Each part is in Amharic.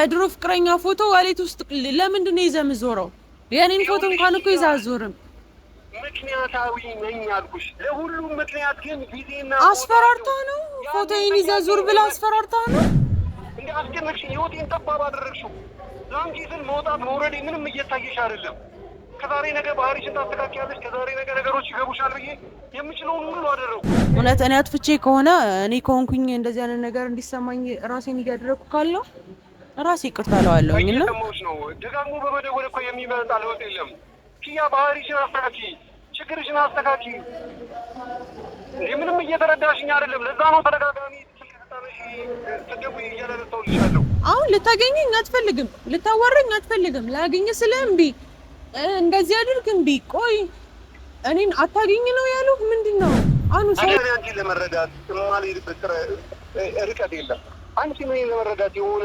የድሮ ፍቅረኛ ፎቶ ዋሌት ውስጥ ለምንድን ነው ይዘህ የምትዞረው? የእኔን ፎቶ እንኳን እኮ ይዘህ አትዞርም። ምክንያታዊ ነኝ አልኩሽ። ለሁሉም ምክንያት ግን ጊዜና አስፈራርታ ነው። ፎቶዬን ይዘህ ዙር ብላ አስፈራርታ ነው። እንደ አስደነቅሽ፣ ህይወቴን ጠባብ አደረግሽው። ለአንቺ ስል መውጣት መውረዴ ምንም እየታየሽ አይደለም። ከዛሬ ነገ ባህሪሽን ታስተካክያለሽ፣ ከዛሬ ነገ ነገሮች ይገቡሻል ብዬ የምችለውን ሁሉ አደረጉ። እውነት እኔ አጥፍቼ ከሆነ እኔ ከሆንኩኝ እንደዚህ አይነት ነገር እንዲሰማኝ ራሴን እያደረግኩ ካለው ራሴ ይቅርታ እለዋለሁኝ እና ደጋግሞ በመደወል እኮ የሚመጣ ለውጥ የለም። ኪያ ባህሪሽን አስተካኪ፣ ችግርሽን አስተካኪ። ምንም እየተረዳሽኝ አይደለም። ለዛ ነው ተደጋጋሚ አሁን ልታገኘኝ አትፈልግም፣ ልታወራኝ አትፈልግም። ላገኘ ስለ እምቢ እንደዚህ አድርግ እምቢ። ቆይ እኔን አታገኝ ነው ያለው? ምንድን ነው አሁን አንቺ ለመረዳት የማልሄድበት ርቀት የለም። አንቺ ምን ለመረዳት የሆነ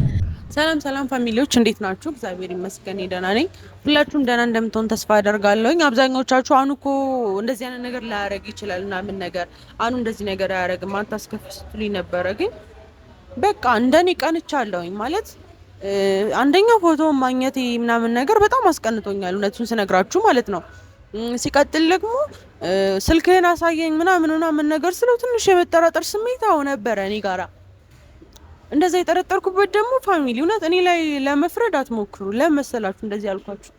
ሰላም ሰላም ፋሚሊዎች እንዴት ናችሁ? እግዚአብሔር ይመስገን ደህና ነኝ። ሁላችሁም ደህና እንደምትሆን ተስፋ አደርጋለሁኝ። አብዛኞቻችሁ አኑ እኮ እንደዚህ አይነት ነገር ላያደርግ ይችላል እና ምን ነገር አኑ እንደዚህ ነገር አያደርግም አንተ አስከፊ ስትሉኝ ነበረ። ግን በቃ እንደኔ ቀንቻለሁኝ ማለት አንደኛ ፎቶ ማግኘት ምናምን ነገር በጣም አስቀንቶኛል፣ እውነቱን ስነግራችሁ ማለት ነው። ሲቀጥል ደግሞ ስልክህን አሳየኝ ምናምን ምናምን ነገር ስለው ትንሽ የመጠራጠር ስሜት ነበረ እኔ ጋራ እንደዛ የጠረጠርኩበት ደግሞ ፋሚሊ እውነት እኔ ላይ ለመፍረድ አትሞክሩ። ለመሰላችሁ እንደዚህ ያልኳችሁ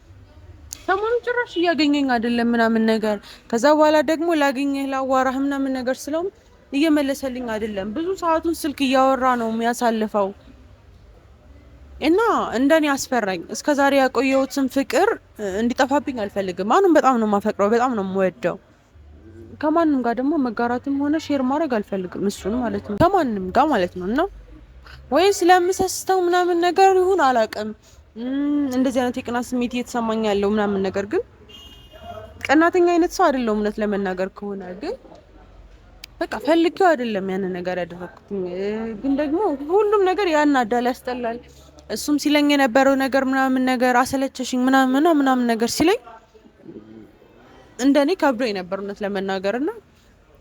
ሰሞኑ ጭራሽ እያገኘኝ አይደለም ምናምን ነገር፣ ከዛ በኋላ ደግሞ ላገኘህ ላዋራህ ምናምን ነገር ስለውም እየመለሰልኝ አይደለም። ብዙ ሰዓቱን ስልክ እያወራ ነው የሚያሳልፈው እና እንደኔ አስፈራኝ። እስከ ዛሬ ያቆየሁትን ፍቅር እንዲጠፋብኝ አልፈልግም። አሁንም በጣም ነው የማፈቅረው፣ በጣም ነው የምወደው። ከማንም ጋር ደግሞ መጋራትም ሆነ ሼር ማድረግ አልፈልግም፣ እሱን ማለት ነው ከማንም ጋር ማለት ነው እና ወይም ስለምሰስተው ምናምን ነገር ይሁን አላውቅም። እንደዚህ አይነት የቅናት ስሜት እየተሰማኝ ያለው ምናምን ነገር ግን ቀናተኛ አይነት ሰው አይደለሁም። እውነት ለመናገር ከሆነ ግን በቃ ፈልጌው አይደለም ያንን ነገር ያደረኩት። ግን ደግሞ ሁሉም ነገር ያናዳል፣ ያስጠላል። እሱም ሲለኝ የነበረው ነገር ምናምን ነገር አሰለቸሽኝ ምናምን ምናምን ነገር ሲለኝ እንደኔ ከብዶ የነበር እውነት ለመናገር እና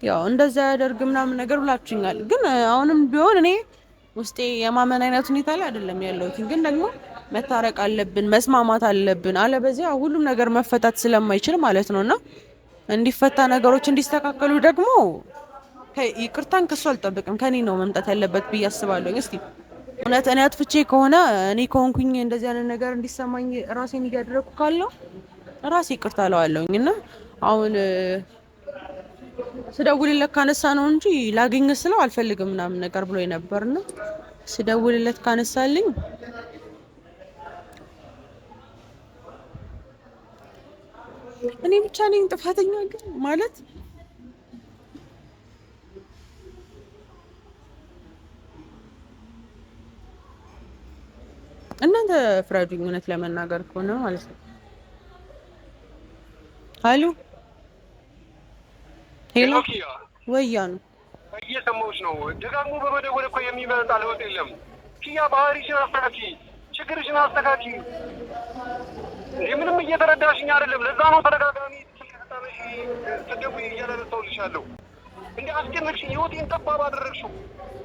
ያው እንደዛ ያደርግ ምናምን ነገር ብላችሁኛል። ግን አሁንም ቢሆን እኔ ውስጤ የማመን አይነት ሁኔታ ላይ አይደለም ያለሁት። ግን ደግሞ መታረቅ አለብን፣ መስማማት አለብን። አለበዚያ ሁሉም ነገር መፈታት ስለማይችል ማለት ነው እና እንዲፈታ ነገሮች እንዲስተካከሉ ደግሞ ይቅርታን ከሱ አልጠብቅም ከኔ ነው መምጣት ያለበት ብዬ አስባለሁ። እስቲ እውነት እኔ አጥፍቼ ከሆነ እኔ ከሆንኩኝ እንደዚህ አይነት ነገር እንዲሰማኝ ራሴን እያደረግኩ ካለው ራሴ ይቅርታ እለዋለሁኝ እና አሁን ስደውልለት ካነሳ ነው እንጂ ላገኘ ስለው አልፈልግም ምናምን ነገር ብሎ ነበርና ስደውልለት ካነሳልኝ እኔ ብቻ ነኝ ጥፋተኛ ግን ማለት እናንተ ፍረዱኝ እውነት ለመናገር ከሆነ ማለት ነው አሉ ሄሎ ወያ ነው እየሰማሁሽ ነው። ደጋግሞ በመደወል እኮ የሚመጣ ለውጥ የለም። ኪያ ባህሪሽን አስተካኪ፣ ችግርሽን አስተካኪ። ምንም እየተረዳሽኝ አይደለም። ለዛ ነው ተደጋጋሚ ትደውይ እያለረሰውልሻለሁ። እንደ አስጨነቅሽ ህይወቴን ጠባብ አደረግሽው።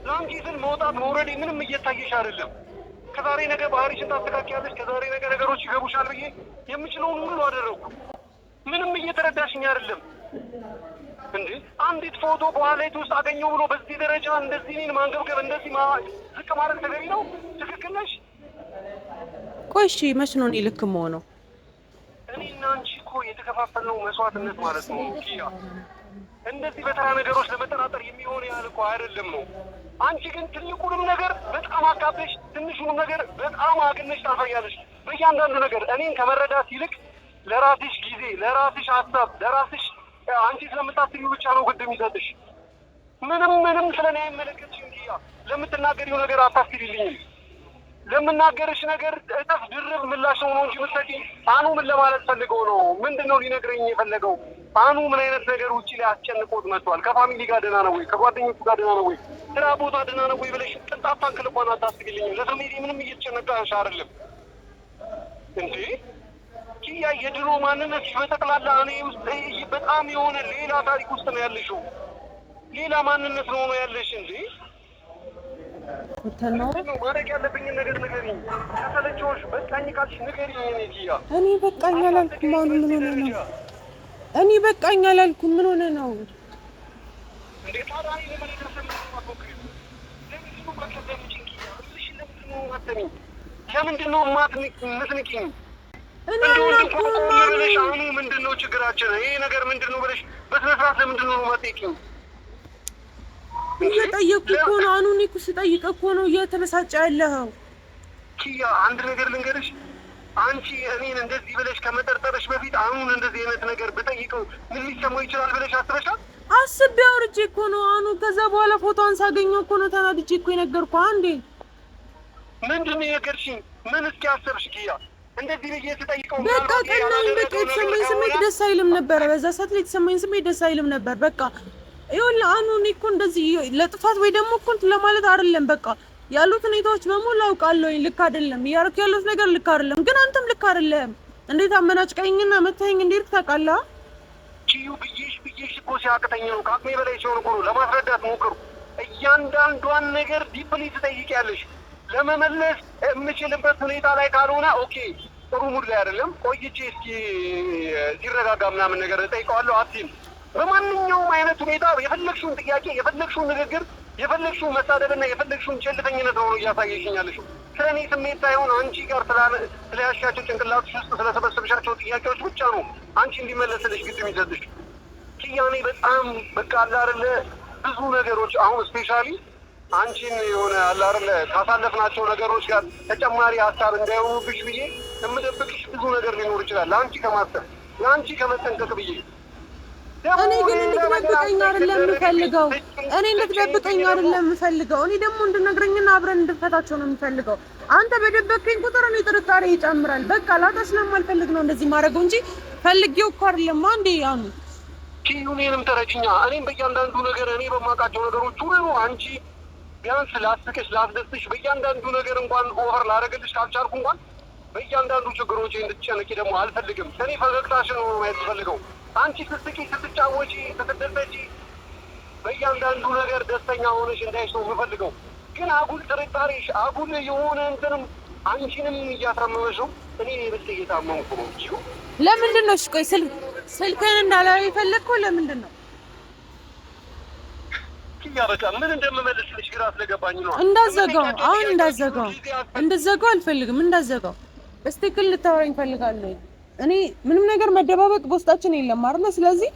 ለአንቺ ስል መውጣት መውረዴ ምንም እየታየሽ አይደለም። ከዛሬ ነገ ባህሪሽን ታስተካኪያለሽ፣ ከዛሬ ነገ ነገሮች ይገቡሻል ብዬ የምችለውን ሁሉ አደረግኩ። ምንም እየተረዳሽኝ አይደለም። እንዴ አንዲት ፎቶ በኋላይት ውስጥ አገኘው ብሎ በዚህ ደረጃ እንደዚህ እኔን ማንገብገብ እንደዚህ ዝቅ ማድረግ ተገቢ ነው? ትክክል ነሽ። ቆይ እሺ፣ መች ነው እኔ ልክ መሆነው? እኔና አንቺ እኮ የተከፋፈልነው መስዋዕትነት ማለት ነው። ኪያ እንደዚህ በተራ ነገሮች ለመጠራጠር የሚሆን ያህል እኮ አይደለም ነው። አንቺ ግን ትልቁንም ነገር በጣም አካበሽ፣ ትንሹንም ነገር በጣም አግነሽ ታልፈኛለሽ። በእያንዳንዱ ነገር እኔን ከመረዳት ይልቅ ለራስሽ ጊዜ፣ ለራስሽ ሀሳብ፣ ለራስሽ አንቺ ስለምታስቢ ብቻ ነው ግድ የሚሰጥሽ። ምንም ምንም ስለ እኔ የመለከትሽ እንጂ ለምትናገሪው ነገር አታስቢልኝም። ለምናገርሽ ነገር እጥፍ ድርብ ምላሽ ነው እንጂ ምሰቂ። አኑ ምን ለማለት ፈልገው ነው? ምንድን ነው ሊነግረኝ የፈለገው? አኑ ምን አይነት ነገር ውጭ ላይ አስጨንቆት መጥቷል? ከፋሚሊ ጋር ደህና ነው ወይ? ከጓደኞቹ ጋር ደህና ነው ወይ? ስራ ቦታ ደህና ነው ወይ ብለሽ ቅንጣት ታክል እንኳን አታስቢልኝም። ለዘሜዴ ምንም አንሻ አይደለም እንዴ? ኪያ የድሮ ማንነትሽ በጠቅላላ እኔ ውስጥ በጣም የሆነ ሌላ ታሪክ ውስጥ ነው ያለሽው። ሌላ ማንነት ነው ነው ያለሽ እንጂ ማድረግ ያለብኝን ነገር ንገሪኝ። ከተለችሽ በቃኝ ካልሽ ንገሪኝ። እኔ እኔ በቃኝ አላልኩም። አሁን ምን ሆነ ነው? እኔ በቃኝ አላልኩም። ምን ሆነ ነው? ለምንድን ነው የማትንቂኝ? ብለሽ አሁኑ ምንድን ነው ችግራችን? ይሄ ነገር ምንድን ነው ብለሽ በስነ ስርዓት ለምንድን ነው የማትጠይቂው? እየጠየኩ እኮ ነው። አሁን እኔ እኮ ስጠይቅ እኮ ነው እየተበሳጨ ያለኸው። ኪያ አንድ ነገር ልንገርሽ፣ አንቺ እኔን እንደዚህ ብለሽ ከመጠርጠረሽ በፊት አሁን እንደዚህ አይነት ነገር ብጠይቀው ምን ሊሰማው ይችላል ብለሽ አስበሻል? አስቤ አውርቼ እኮ ነው አሁኑ። ከዛ በኋላ ፎቶዋን ሳገኘው እኮ ነው ተናድጄ እኮ የነገርኩህ። አንዴ ምንድን ነው የነገርሽኝ? ምን እስኪ አሰብሽ ኪያ እንደዚህ ብዬ ስጠይቀው በቃ ቀናኝ። በቃ የተሰማኝ ስሜት ደስ አይልም ነበረ። በዛ ሰዓት ላይ የተሰማኝ ስሜት ደስ አይልም ነበር። በቃ ይሁን አሁን እኔ እኮ እንደዚህ ለጥፋት ወይ ደግሞ እኮ እንትን ለማለት አይደለም። በቃ ያሉት ሁኔታዎች በሙሉ አውቃለሁኝ። ልክ አይደለም እያደረክ ያሉት ነገር ልክ አይደለም፣ ግን አንተም ልክ አይደለም። እንዴት አመናጭቀኝና መታኝ እንዴት ታውቃለህ? ኪዩ ብዬሽ ብዬሽ እኮ ሲያቅተኝ ነው። ከአቅሜ በላይ ሲሆን እኮ ነው። ለማስረዳት ሞክሩ። እያንዳንዷን ነገር ዲፕሊ ትጠይቂያለሽ ለመመለስ የምችልበት ሁኔታ ላይ ካልሆነ ኦኬ፣ ጥሩ ሙድ ላይ አይደለም፣ ቆይቼ እስኪ ሲረጋጋ ምናምን ነገር እጠይቀዋለሁ። አትም በማንኛውም አይነት ሁኔታ የፈለግሽውን ጥያቄ፣ የፈለግሽውን ንግግር፣ የፈለግሽውን መሳደብና የፈለግሽውን ቸልተኝነት ነው እያሳየሽኛለሽ። ስለ እኔ ስሜት ሳይሆን አንቺ ጋር ስለያሻቸው ጭንቅላቶች ውስጥ ስለሰበሰብሻቸው ጥያቄዎች ብቻ ነው አንቺ እንዲመለስልሽ ግድ የሚሰጥሽ። ኪያኔ በጣም በቃ ብዙ ነገሮች አሁን ስፔሻሊ አንቺን የሆነ አለ ካሳለፍናቸው ነገሮች ጋር ተጨማሪ ሀሳብ እንዳይሆኑብሽ ብዬ የምደብቅሽ ብዙ ነገር ሊኖር ይችላል። ለአንቺ ከማሰብ ለአንቺ ከመጠንቀቅ ብዬ እኔ ግን እንድትደብቀኝ አይደለም የምፈልገው። እኔ እንድትደብቀኝ አይደለም የምፈልገው። እኔ ደግሞ እንድነግረኝና አብረን እንድፈታቸው ነው የምፈልገው። አንተ በደበቀኝ ቁጥር እኔ ጥርጣሬ ይጨምራል። በቃ ላጣ ስለማልፈልግ ነው እንደዚህ ማድረገው እንጂ ፈልጌው እኮ አይደለም። አንዴ ያኑ ኪዩኔንም ተረጅኛ እኔም በእያንዳንዱ ነገር እኔ በማውቃቸው ነገሮች ሁሉ አንቺ ቢያንስ ላስቅሽ፣ ላስደስሽ በእያንዳንዱ ነገር እንኳን ኦቨር ላደረግልሽ ካልቻልኩ እንኳን በእያንዳንዱ ችግሮች እንድትጨነቂ ደግሞ አልፈልግም። ከኔ ፈገግታሽን ነው ማየት ፈልገው። አንቺ ስትቂ፣ ስትጫወጪ፣ ስትደሰጪ በእያንዳንዱ ነገር ደስተኛ ሆነሽ እንዳይሽ ነው የምፈልገው። ግን አጉል ጥርጣሬሽ፣ አጉል የሆነ እንትንም አንቺንም እያሳመመሽ ነው። እኔ የብልጥ እየታመምኩ ነው። ለምንድን ነው? እሺ ቆይ ስልክ ስልክህን እንዳላየው የፈለግከው ለምንድን ነው? አልሽኛ። በቃ ምን እንደምመልስልሽ ግራ ስለገባኝ ነው። እንዳዘጋው አሁን እንዳዘጋው እንድዘጋው አልፈልግም። እንዳዘጋው በስትክክል ልታወራኝ እፈልጋለሁ። እኔ ምንም ነገር መደባበቅ በውስጣችን የለም አይደለ? ስለዚህ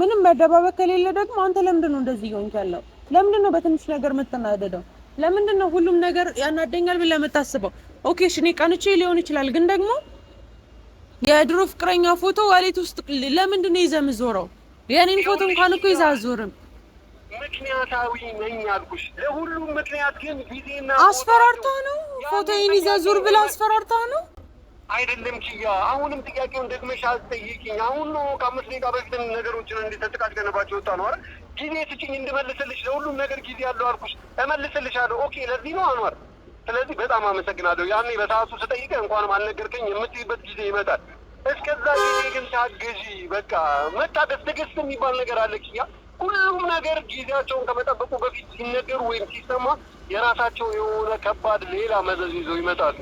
ምንም መደባበቅ ከሌለ ደግሞ አንተ ለምንድን ነው እንደዚህ ይሆንክ ያለው? ለምንድን ነው በትንሽ ነገር የምትናደደው? ለምንድን ነው ሁሉም ነገር ያናደኛል ብለህ የምታስበው? ኦኬ እሺ፣ እኔ ቀንቼ ሊሆን ይችላል፣ ግን ደግሞ የድሮ ፍቅረኛ ፎቶ ዋሌት ውስጥ ለምንድን ነው ይዘህ የምትዞረው? የእኔን ፎቶ እንኳን እኮ ይዘህ አትዞርም። ምክንያታዊ ነኝ አልኩሽ። ለሁሉም ምክንያት ግን ጊዜና አስፈራርታ ነው። ፎቶዬን ይዘህ ዙር ብላ አስፈራርታ ነው። አይደለም ኪያ፣ አሁንም ጥያቄውን ደግመሽ አልጠይቅኝ። አሁን ነው ከአምስት ደቂቃ በፊት ነገሮችን እንዴት ገነባቸው ወጣ ነው አይደል? ጊዜ ስጭኝ እንድመልስልሽ። ለሁሉም ነገር ጊዜ ያለው አልኩሽ፣ እመልስልሻለሁ። ኦኬ፣ ለዚህ ነው አኗር። ስለዚህ በጣም አመሰግናለሁ። ያኔ በሰዓቱ ስጠይቀ እንኳንም አልነገርከኝ የምትይበት ጊዜ ይመጣል። እስከዛ ጊዜ ግን ታገዢ። በቃ መታገስ፣ ትዕግስት የሚባል ነገር አለ ኪያ ሁሉም ነገር ጊዜያቸውን ከመጠበቁ በፊት ሲነገሩ ወይም ሲሰማ የራሳቸው የሆነ ከባድ ሌላ መዘዝ ይዘው ይመጣሉ።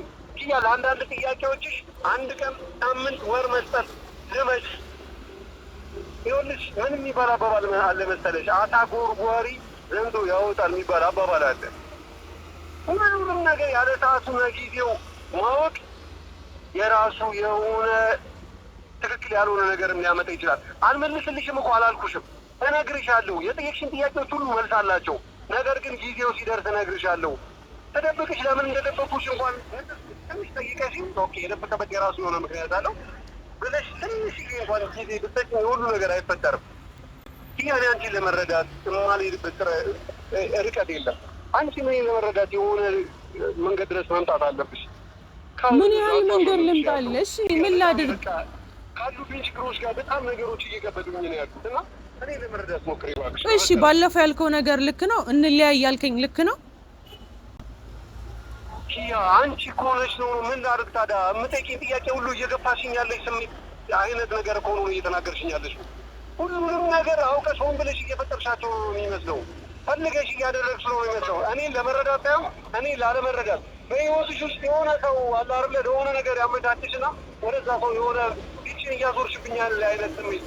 ያ ለአንዳንድ ጥያቄዎችሽ አንድ ቀን፣ ሳምንት፣ ወር መስጠት ድመሽ ይኸውልሽ ምን የሚባል አባባል አለ መሰለሽ? አሳ ጎርጓሪ ዘንዶ ያወጣል የሚባል አባባል አለ። ሁሉንም ነገር ያለ ሰዓቱና ጊዜው ማወቅ የራሱ የሆነ ትክክል ያልሆነ ነገር ሊያመጣ ይችላል። አልመልስልሽም እኮ አላልኩሽም እነግርሻለሁ። የጠየቅሽን ጥያቄዎች ሁሉ መልስ አላቸው። ነገር ግን ጊዜው ሲደርስ እነግርሻለሁ። ተደብቅሽ ለምን እንደደበኩሽ እንኳን ትንሽ ጠይቀሽ ኦኬ፣ የደበቀበት የራሱ የሆነ ምክንያት አለው ብለሽ ትንሽ ጊዜ እንኳን ጊዜ ብትሰጪ የሁሉ ነገር አይፈጠርም። ይህ አንቺን ለመረዳት የማልሄድበት ርቀት የለም። አንቺ ምን ለመረዳት የሆነ መንገድ ድረስ መምጣት አለብሽ። ምን ያህል መንገድ ልምጣለሽ? ምን ላድርግ? ካሉብኝ ችግሮች ጋር በጣም ነገሮች እየከበዱኝ ነው ያሉት እና እሺ ባለፈው ያልከው ነገር ልክ ነው። እንለያይ ያልከኝ ልክ ነው። አንቺ እኮ ነው። ምን ላድርግ ታዲያ? የምጠይቂኝ ጥያቄ ሁሉ እየገፋሽኝ ያለሽ ስሜት አይነት ነገር እኮ ነው እየተናገርሽኝ ያለሽ። ሁሉንም ነገር አውቀሽ ሆን ብለሽ እየፈጠርሻቸው ነው የሚመስለው ፈልገሽ እያደረግ ነው የሚመስለው እኔ ለመረዳት ሳይሆን እኔ ላለመረዳት በህይወትሽ ውስጥ የሆነ ሰው አላርለ አይደለ ለሆነ ነገር ያመቻችሽ እና ወደዛ ሰው የሆነ ግጭን እያዞርሽብኛል አይነት ስሜት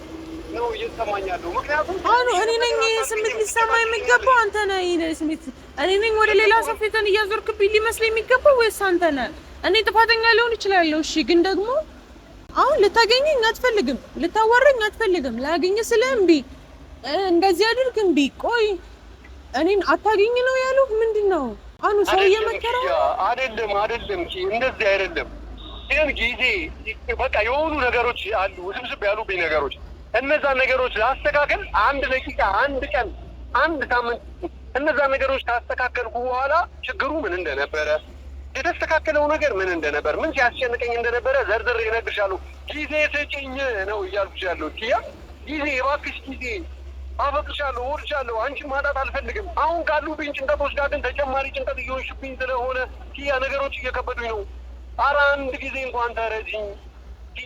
ነው እየተሰማኝ ምክንያቱም አሁን እኔ ነኝ ይሄ ስሜት ሊሰማ የሚገባው አንተ ነህ። ይሄ ስሜት እኔ ነኝ ወደ ሌላ ሰው ፊትን እያዞርክብኝ ሊመስል የሚገባው ወይስ አንተ ነህ? እኔ ጥፋተኛ ሊሆን እችላለሁ። እሺ፣ ግን ደግሞ አሁን ልታገኘኝ አትፈልግም፣ ልታወራኝ አትፈልግም። ላገኘ ስለ እምቢ እንደዚህ አድርግ እምቢ። ቆይ እኔን አታገኝ ነው ያለው? ምንድን ነው አሁን ሰው እየመከረው አይደለም? አይደለም፣ እንደዚህ አይደለም። ግን ጊዜ በቃ የሆኑ ነገሮች አሉ፣ ውስብስብ ያሉብኝ ነገሮች እነዛ ነገሮች ላስተካከል አንድ ደቂቃ፣ አንድ ቀን፣ አንድ ሳምንት እነዛ ነገሮች ካስተካከልኩ በኋላ ችግሩ ምን እንደነበረ የተስተካከለው ነገር ምን እንደነበር ምን ሲያስጨንቀኝ እንደነበረ ዘርዝሬ እነግርሻለሁ። ጊዜ ስጪኝ ነው እያልኩሽ ያለሁት ኪያ። ጊዜ የባክሽ ጊዜ አፈቅርሻለሁ፣ እወድሻለሁ፣ አንቺን ማጣት አልፈልግም። አሁን ካሉብኝ ጭንቀቶች ጋር ግን ተጨማሪ ጭንቀት እየሆንሽብኝ ስለሆነ ኪያ ነገሮች እየከበዱኝ ነው። ኧረ አንድ ጊዜ እንኳን ተረጂኝ።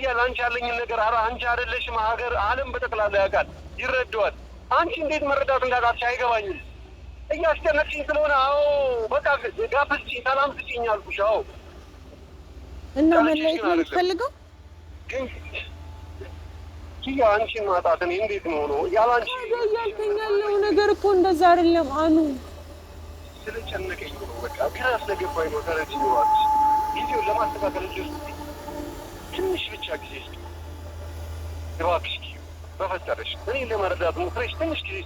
ያድያል። አንቺ ያለኝን ነገር አራ አንቺ አይደለሽም ሀገር ዓለም በጠቅላላ ያውቃል፣ ይረዳዋል። አንቺ እንዴት መረዳት እንዳቃትሽ አይገባኝም። እያስጨነቅሽኝ ስለሆነ አዎ በቃ ጋብ ስጪኝ፣ ሰላም ስጪኝ አልኩሽ። አዎ እና መለየት ነው የምትፈልገው ግን አንቺን ማጣት እኔ እንዴት ነው ነው ያላንቺ ያልከኝ ያለው ነገር እኮ እንደዛ አይደለም አኑ ስለጨነቀኝ ነው በቃ ግራ ስለገባኝ ነው ተረጅ ይዋል ጊዜውን ለማስተካከል እጅ ትንሽ ብቻ ጊዜ ስጪ እባክሽ በፈጠረሽ እኔ ለመረዳት ሞክረሽ ትንሽ ጊዜ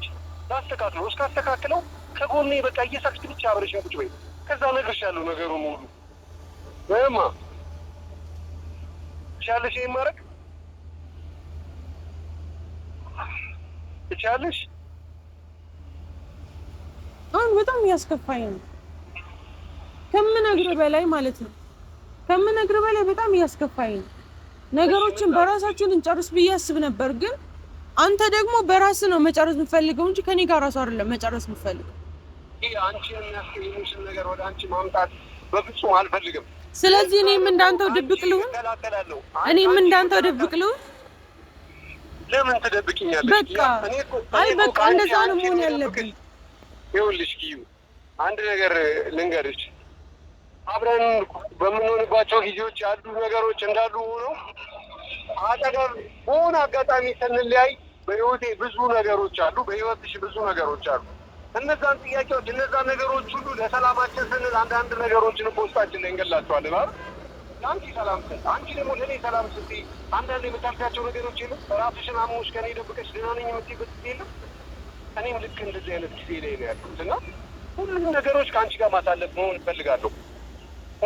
ላስተካክለው። እስካስተካክለው ከጎኔ በቃ እየሳቅሽ ብቻ ቁጭ በይ። ከዛ እነግርሻለሁ ሙሉ ማድረግ አሁን በጣም እያስከፋኝ ነው ከምነግርህ በላይ ማለት ነው ከምነግርህ በላይ በጣም እያስከፋኝ ነው። ነገሮችን በራሳችን እንጨርስ ብዬ አስብ ነበር። ግን አንተ ደግሞ በራስ ነው መጨረስ የምፈልገው እንጂ ከኔ ጋር ራሱ አይደለም መጨረስ የምፈልገው። አንቺን የሚያስቀይምሽን ነገር ወደ አንቺ ማምጣት በፍጹም አልፈልግም። ስለዚህ እኔም እንዳንተው ድብቅ ልሁን፣ እኔም እንዳንተው ድብቅ ልሁን። ለምን ትደብቅኛለሽ? በቃ አይ በቃ እንደዛ ነው መሆን ያለብኝ። ይኸውልሽ ጊዩ አንድ ነገር ልንገርሽ አብረን በምንሆንባቸው ጊዜዎች ያሉ ነገሮች እንዳሉ ሆኖ አጠገብ በሆነ አጋጣሚ ስንለያይ በህይወቴ ብዙ ነገሮች አሉ፣ በህይወትሽ ብዙ ነገሮች አሉ። እነዛን ጥያቄዎች እነዛን ነገሮች ሁሉ ለሰላማችን ስንል አንዳንድ ነገሮችን በውስጣችን ላይ እንገላቸዋለን አይደል? ለአንቺ ሰላም ስ አንቺ ደግሞ ለእኔ ሰላም ስትይ አንዳንድ የምታልፊያቸው ነገሮች የለም። ራስሽን አሞሽ ከኔ ደብቀሽ ደህና ነኝ የምትይበት ጊዜ የለም። እኔም ልክ እንደዚህ አይነት ጊዜ ላይ ነው ያሉት እና ሁሉም ነገሮች ከአንቺ ጋር ማሳለፍ መሆን እፈልጋለሁ።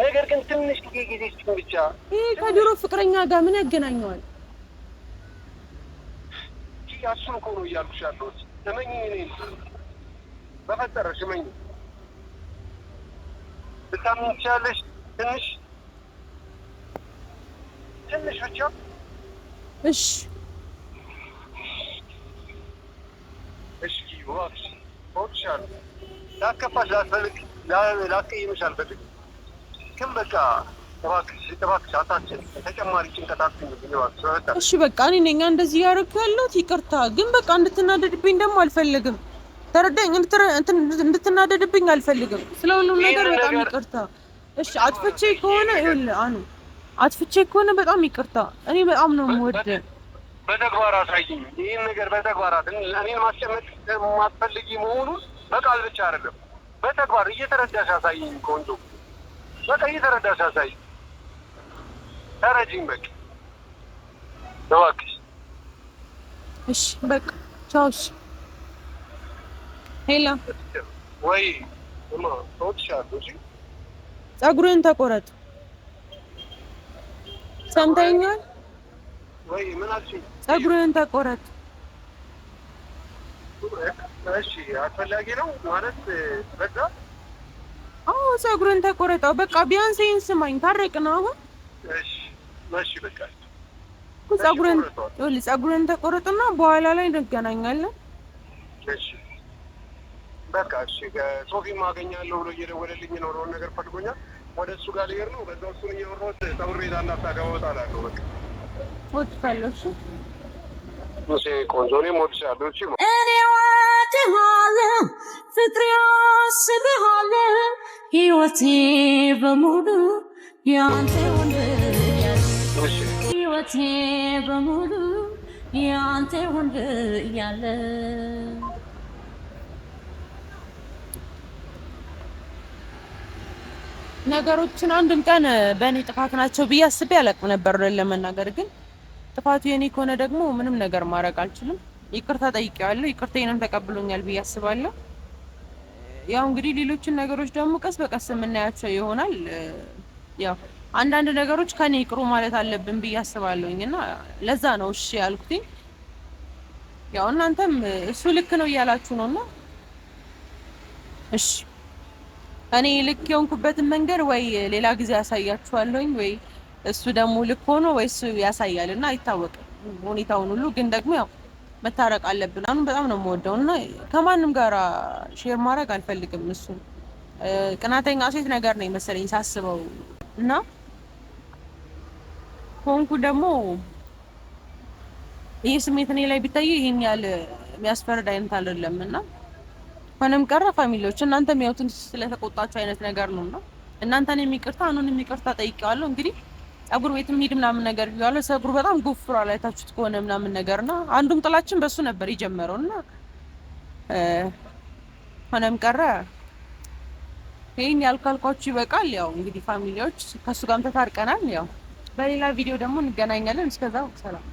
ነገር ግን ትንሽ ጊዜ ጊዜ ብቻ ይሄ ከድሮ ፍቅረኛ ጋር ምን ያገናኘዋል? እሱን እኮ ነው እያልኩሽ ያለሁት። እመኝ እኔን በፈጠረ እመኝ ብታምኝ ትችያለሽ። ትንሽ ትንሽ ብቻ እሺ፣ እሺ እባክሽ እወድሻለሁ። ላስከፋሽ፣ ላስፈልግ፣ ላስቀይምሽ አልፈልግም ግን በቃ እሺ በቃ እኔ ነኝ እንደዚህ እያደረኩ ያለሁት። ይቅርታ ግን በቃ እንድትናደድብኝ ደግሞ አልፈልግም። ተረዳኝ። እንድትናደድብኝ አልፈልግም። ስለ ሁሉም ነገር በጣም ይቅርታ። እሺ አጥፍቼ ከሆነ ይኸውልህ፣ አኑ አጥፍቼ ከሆነ በጣም ይቅርታ። እኔ በጣም ነው የምወደው። በተግባር አሳይኝ ይህን ነገር በተግባር እኔን ማስጨመጥ የማትፈልጊ መሆኑን በቃል ብቻ አይደለም በተግባር እየተረዳሽ አሳይኝ ከወንጆ በቃ እየተረዳ ሳሳይ ተረጂኝ። በቃ እሺ፣ በቃ ቻው። እሺ ሄላ ወይ ፀጉርን ተቆረጥ። ሰምተኛል ወይ? ፀጉርን ተቆረጥ። እሺ አስፈላጊ ነው ማለት በዛ ነው ፀጉርን ተቆረጠው። በቃ ቢያንስ ይህን ስማኝ፣ ታረቅ ነው አሁን ፀጉርን ተቆረጥና በኋላ ላይ እንገናኛለን። በቃ እሺ። ሶፊ ማገኛለሁ ብሎ እየደወለልኝ ነው። ለሆነ ነገር ፈልጎኛል። ወደ እሱ ጋር ልሄድ ነው። በዛ እሱን እያወራሁት ፀጉር ቤት አናታ ጋር በቃ ወጥቻለሁ። እሺ ቆንጆ እኔ ወድሃለሁ ፍቅሬ ህይወቴ በሙሉ ያንተ ህይወቴ በሙሉ ያንተ ወንድ እያለ ነገሮችን አንድም ቀን በእኔ ጥፋት ናቸው ብዬ አስቤ አላቅም ነበር ለመናገር ግን ጥፋቱ የኔ ከሆነ ደግሞ ምንም ነገር ማድረግ አልችልም። ይቅርታ ጠይቄዋለሁ፣ ይቅርታዬንም ተቀብሎኛል ብዬ አስባለሁ። ያው እንግዲህ ሌሎችን ነገሮች ደግሞ ቀስ በቀስ የምናያቸው ይሆናል። ያው አንዳንድ ነገሮች ከኔ ይቅሩ ማለት አለብን ብዬ አስባለሁኝ እና ለዛ ነው እሺ ያልኩትኝ። ያው እናንተም እሱ ልክ ነው እያላችሁ ነው እና እሺ እኔ ልክ የሆንኩበትን መንገድ ወይ ሌላ ጊዜ ያሳያችኋለሁኝ ወይ እሱ ደግሞ ልክ ሆኖ ወይስ ያሳያል እና አይታወቅም ሁኔታውን ሁሉ። ግን ደግሞ ያው መታረቅ አለብን። አሁን በጣም ነው የምወደው እና ከማንም ጋራ ሼር ማድረግ አልፈልግም። እሱ ቅናተኛ ሴት ነገር ነው መሰለኝ ሳስበው እና ሆንኩ ደግሞ ይህ ስሜት እኔ ላይ ቢታይ ይህን ያህል የሚያስፈርድ አይነት አይደለም እና ሆነም ቀረ ፋሚሊዎች እናንተ የሚያዩትን ስለተቆጣችሁ አይነት ነገር ነው እና እናንተን የሚቅርታ አሁን የሚቅርታ ጠይቀዋለሁ እንግዲህ ጸጉር ቤት ሄድ ምናምን ነገር ያለ ጸጉሩ በጣም ጎፍሯል አይታችሁት ከሆነ ምናምን ነገርና አንዱም ጥላችን በሱ ነበር የጀመረውና ሆነም ቀረ ይሄን ያልካልኳችሁ ይበቃል። ያው እንግዲህ ፋሚሊዎች ከሱ ጋርም ተታርቀናል። ያው በሌላ ቪዲዮ ደግሞ እንገናኛለን። እስከዛው ሰላም